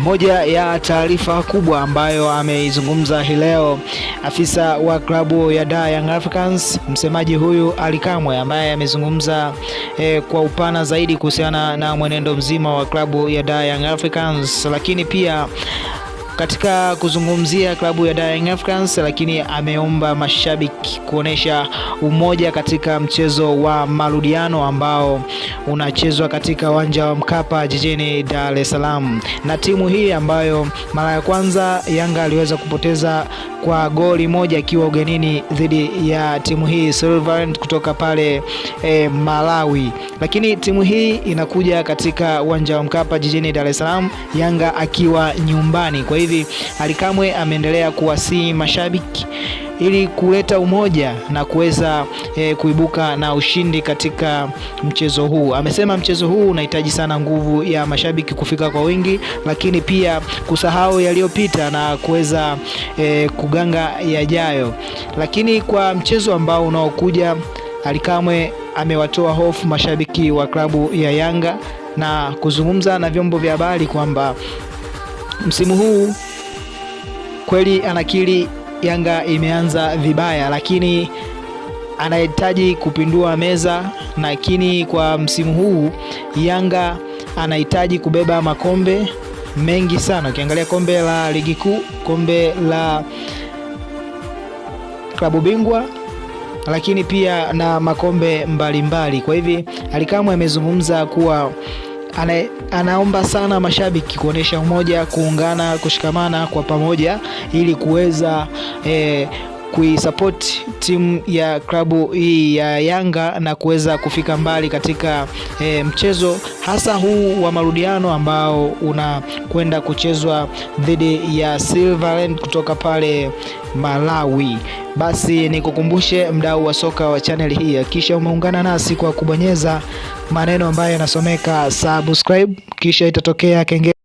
Moja ya taarifa kubwa ambayo ameizungumza hii leo afisa wa klabu ya da Young Africans, msemaji huyu Ali Kamwe ambaye amezungumza eh, kwa upana zaidi kuhusiana na mwenendo mzima wa klabu ya da Young Africans, lakini pia katika kuzungumzia klabu ya Young Africans, lakini ameomba mashabiki kuonesha umoja katika mchezo wa marudiano ambao unachezwa katika uwanja wa Mkapa jijini Dar es Salaam, na timu hii ambayo mara ya kwanza Yanga aliweza kupoteza kwa goli moja akiwa ugenini dhidi ya timu hii Silverland kutoka pale e, Malawi, lakini timu hii inakuja katika uwanja wa Mkapa jijini Dar es Salaam, Yanga akiwa nyumbani. Kwa hivyo hivi, Ally Kamwe ameendelea kuwasihi mashabiki ili kuleta umoja na kuweza e, kuibuka na ushindi katika mchezo huu. Amesema mchezo huu unahitaji sana nguvu ya mashabiki kufika kwa wingi, lakini pia kusahau yaliyopita na kuweza e, kuganga yajayo. Lakini kwa mchezo ambao unaokuja, Ally Kamwe amewatoa hofu mashabiki wa klabu ya Yanga na kuzungumza na vyombo vya habari kwamba msimu huu kweli anakili Yanga imeanza vibaya, lakini anahitaji kupindua meza. Lakini kwa msimu huu Yanga anahitaji kubeba makombe mengi sana. Ukiangalia kombe la ligi kuu, kombe la klabu bingwa, lakini pia na makombe mbalimbali mbali. Kwa hivi Alikamwe amezungumza kuwa ana, anaomba sana mashabiki kuonesha umoja, kuungana, kushikamana kwa pamoja ili kuweza eh, kuisupport timu ya klabu hii ya Yanga na kuweza kufika mbali katika e, mchezo hasa huu wa marudiano ambao unakwenda kuchezwa dhidi ya Silverland kutoka pale Malawi. Basi nikukumbushe mdau wa soka wa chaneli hii, kisha umeungana nasi kwa kubonyeza maneno ambayo yanasomeka subscribe, kisha itatokea kengele